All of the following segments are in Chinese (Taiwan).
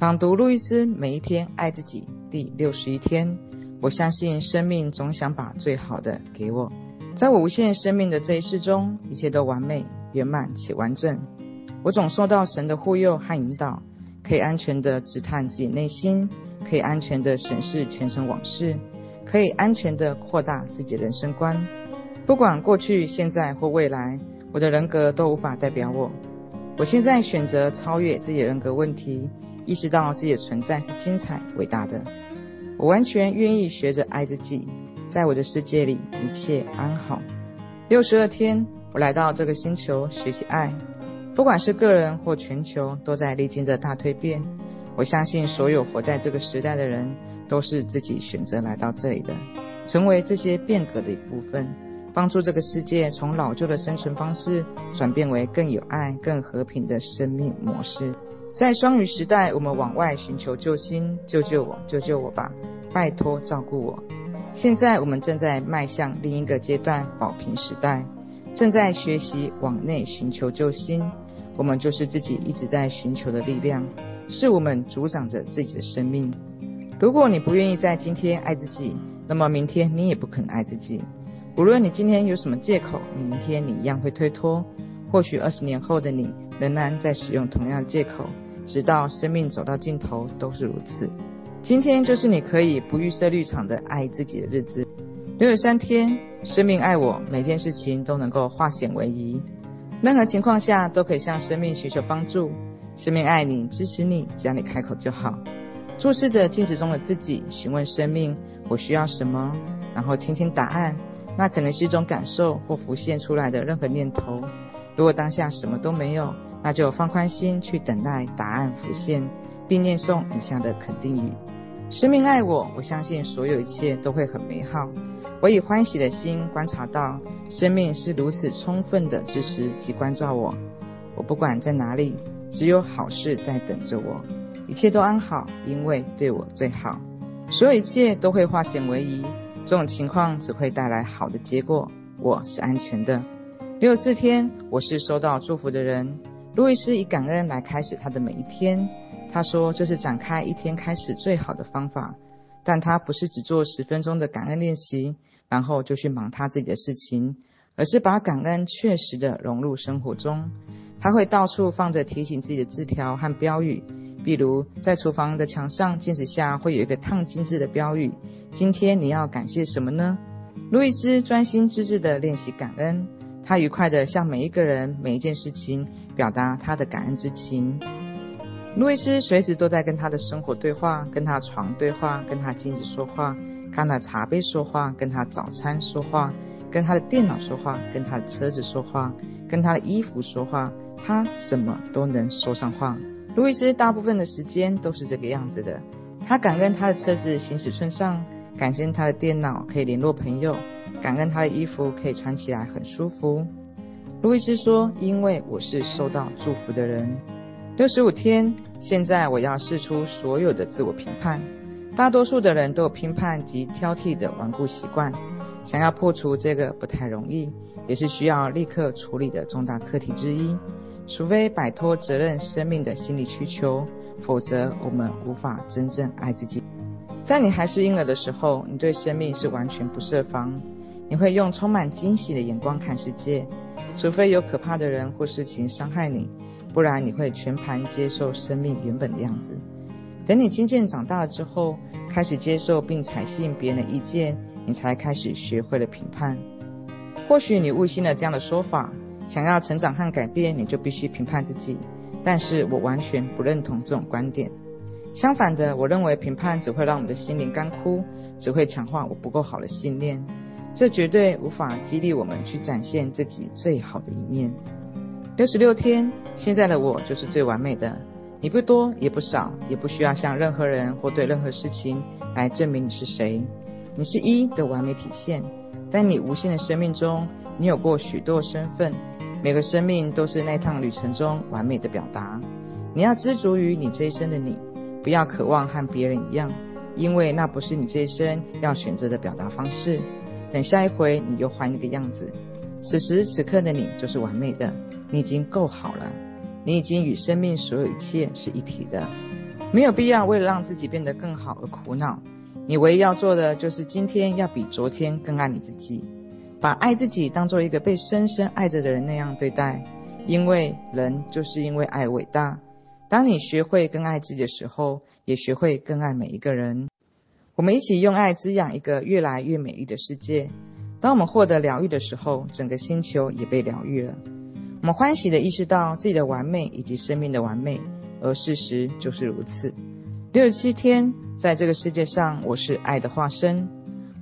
朗讀路易斯《每一天愛自己》第六十一天，我相信生命總想把最好的給我，在我無限生命的這一世中，一切都完美圓滿且完整。我總受到神的護佑和引導，可以安全地直探自己內心，可以安全地審視前塵往事，可以安全地擴大自己的人生觀。不管過去、現在或未來，我的人格都無法代表我。我現在選擇超越自己的人格問題。意識到自己的存在是精彩、偉大的，我完全願意學着愛自己。在我的世界裡，一切安好。六十二天，我來到這個星球學習愛，不管是個人或全球，都在歷經着大蛻變。我相信，所有活在這個時代的人，都是自己選擇來到這裡的，成為這些變革的一部分，幫助這個世界從老舊的生存方式轉變為更有愛、更和平的生命模式。在雙魚時代，我們往外尋求救星，救救我，救救我吧，拜托照顧我。現在我們正在邁向另一個階段，寶瓶時代，正在學習往內尋求救星。我們就是自己一直在尋求的力量，是我們主宰着自己的生命。如果你不願意在今天愛自己，那麼明天你也不肯愛自己。無論你今天有什麼借口，明天你一樣會推脫。或許二十年後的你，仍然在使用同樣的借口。直到生命走到盡頭都是如此。今天就是你可以不預設立場的愛自己的日子。六十三天。生命愛我，每件事情都能夠化險為夷。任何情況下都可以向生命尋求幫助。生命愛你，支持你，只要你開口就好。注視着鏡子中的自己，詢問生命：我需要什麼？然後聽聽答案。那可能是一種感受，或浮現出來的任何念頭。如果當下什麼都沒有。那就放寬心，去等待答案浮現，並念誦以下的肯定語：生命愛我，我相信所有一切都會很美好。我以歡喜的心觀察到，生命是如此充分的支持及關照我。我不管在哪裡，只有好事在等着我，一切都安好，因為對我最好。所有一切都會化險為夷，這種情況只會帶來好的結果。我是安全的。六四天，我是收到祝福的人。路易斯以感恩來開始他的每一天，他說這是展開一天開始最好的方法。但他不是只做十分鐘的感恩練習，然後就去忙他自己的事情，而是把感恩確實地融入生活中。他會到處放着提醒自己的字條和標語，比如在廚房的牆上，鏡子下會有一個燙金字的標語：“今天你要感謝什麼呢？”路易斯專心致志地練習感恩。他愉快地向每一個人、每一件事情表達他的感恩之情。路易斯隨時都在跟他的生活對話，跟他的床對話，跟他鏡子說話，跟他的茶杯說話，跟他早餐說話，跟他的電腦說話，跟他的車子說話，跟他的衣服說話。他什麼都能說上話。路易斯大部分的時間都是這個樣子的。他感恩他的車子行駛順暢，感謝他的電腦可以聯絡朋友。感恩他的衣服可以穿起來很舒服，路易斯說：“因為我是受到祝福的人。”六十五天，現在我要試出所有的自我評判。大多數的人都有評判及挑剔的頑固習慣，想要破除這個不太容易，也是需要立刻處理的重大課題之一。除非擺脫責任生命的心理需求，否則我們無法真正愛自己。在你還是嬰兒的時候，你對生命是完全不設防。你會用充滿驚喜的眼光看世界，除非有可怕的人或事情傷害你，不然你會全盤接受生命原本的樣子。等你漸漸長大了之後，開始接受並採信別人的意見，你才開始學會了評判。或許你誤信了這樣的說法：想要成長和改變，你就必須評判自己。但是我完全不認同這種觀點。相反的，我認為評判只會讓我們的心靈乾枯，只會強化我不夠好的信念。這絕對無法激勵我們去展現自己最好的一面。六十六天，現在的我就是最完美的。你不多也不少，也不需要向任何人或對任何事情來證明你是誰。你是一的完美體現。在你無限的生命中，你有過許多身份，每個生命都是那趟旅程中完美的表達。你要知足於你這一生的你，不要渴望和別人一樣，因為那不是你這一生要選擇的表達方式。等下一回，你又換一個樣子。此時此刻的你就是完美的，你已經夠好了，你已經與生命所有一切是一體的，沒有必要為了讓自己變得更好而苦惱。你唯一要做的就是今天要比昨天更愛你自己，把愛自己當做一個被深深愛着的人那樣對待，因為人就是因為愛偉大。當你學會更愛自己的時候，也學會更愛每一個人。我們一起用愛滋養一個越來越美麗的世界。當我們獲得療癒的時候，整個星球也被療癒了。我們歡喜地意識到自己的完美以及生命的完美，而事實就是如此。六十七天，在這個世界上，我是愛的化身。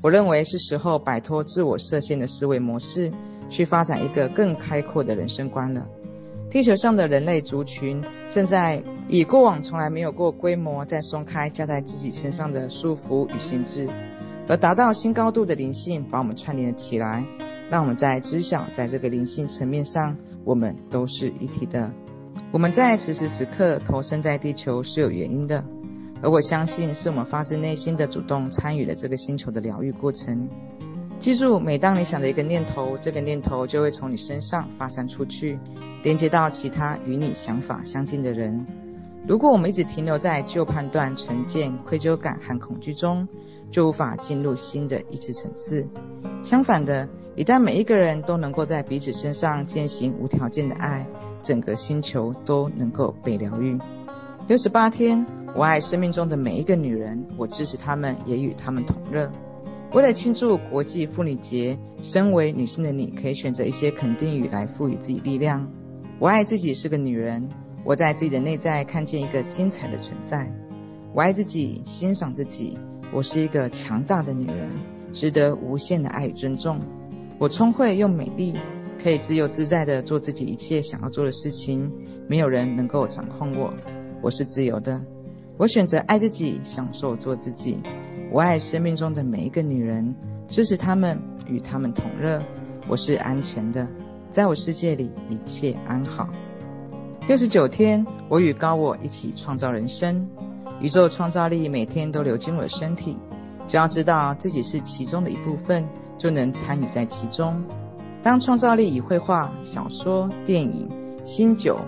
我認為是時候擺脫自我設限的思維模式，去發展一個更開闊的人生觀了。地球上的人類族群正在以過往從來沒有過規模，在鬆開加在自己身上的束縛與限制，而達到新高度的靈性，把我們串聯了起來，讓我們在知曉，在這個靈性層面上，我們都是一體的。我們在此時此刻投身在地球是有原因的，而我相信是我們發自內心的主動參與了這個星球的療癒過程。記住，每當你想的一個念頭，這個念頭就會從你身上發散出去，連接到其他與你想法相近的人。如果我們一直停留在舊判斷、成見、愧疚感和恐懼中，就無法進入新的意識層次。相反的，一旦每一個人都能夠在彼此身上踐行無條件的愛，整個星球都能夠被療癒。六十八天，我愛生命中的每一個女人，我支持她們，也與她們同樂。為了慶祝國際婦女節，身為女性的你，可以選擇一些肯定語來賦予自己力量。我愛自己，是個女人。我在自己的內在看見一個精彩的存在。我愛自己，欣賞自己。我是一個強大的女人，值得無限的愛與尊重。我聰慧又美麗，可以自由自在地做自己一切想要做的事情。沒有人能夠掌控我，我是自由的。我選擇愛自己，享受做自己。我愛生命中的每一個女人，支持她們與她們同樂。我是安全的，在我世界裡一切安好。六十九天，我與高我一起創造人生，宇宙創造力每天都流經我的身體。只要知道自己是其中的一部分，就能參與在其中。當創造力以繪畫、小說、電影、新酒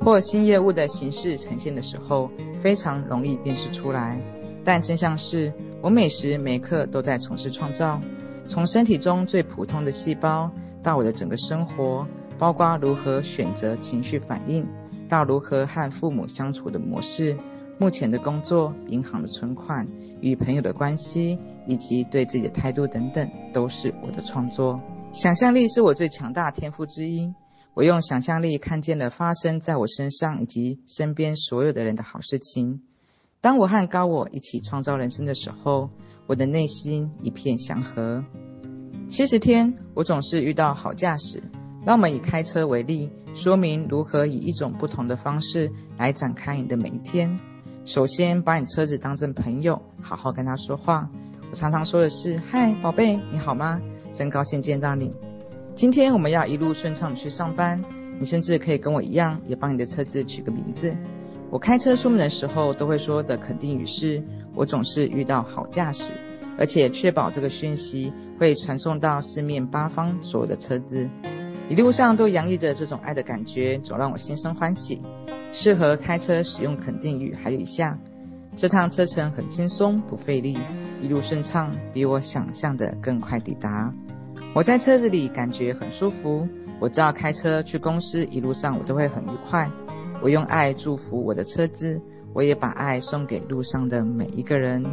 或新業務的形式呈現的時候，非常容易辨識出來。但真相是。我每時每刻都在從事創造，從身體中最普通的細胞，到我的整個生活，包括如何選擇情緒反應，到如何和父母相處的模式，目前的工作、銀行的存款、與朋友的關係，以及對自己的態度等等，都是我的創作。想象力是我最強大天賦之一，我用想象力看見了發生在我身上以及身邊所有的人的好事情。當我和高我一起創造人生的時候，我的內心一片祥和。七十天，我總是遇到好駕駛。讓我們以開車為例，說明如何以一種不同的方式來展開你的每一天。首先，把你車子當成朋友，好好跟他說話。我常常說的是：“嗨，寶貝，你好嗎？真高興見到你。”今天我們要一路順暢你去上班。你甚至可以跟我一樣，也幫你的車子取個名字。我開車出門的時候都會說的肯定語是：我總是遇到好駕駛，而且確保這個訊息會傳送到四面八方所有的車子。一路上都洋溢着這種愛的感覺，總讓我心生歡喜。適合開車使用肯定語還有以下：這趟車程很輕鬆，不費力，一路順暢，比我想象的更快抵達。我在車子裡感覺很舒服。我知道開車去公司，一路上我都會很愉快。我用愛祝福我的車子，我也把愛送給路上的每一個人。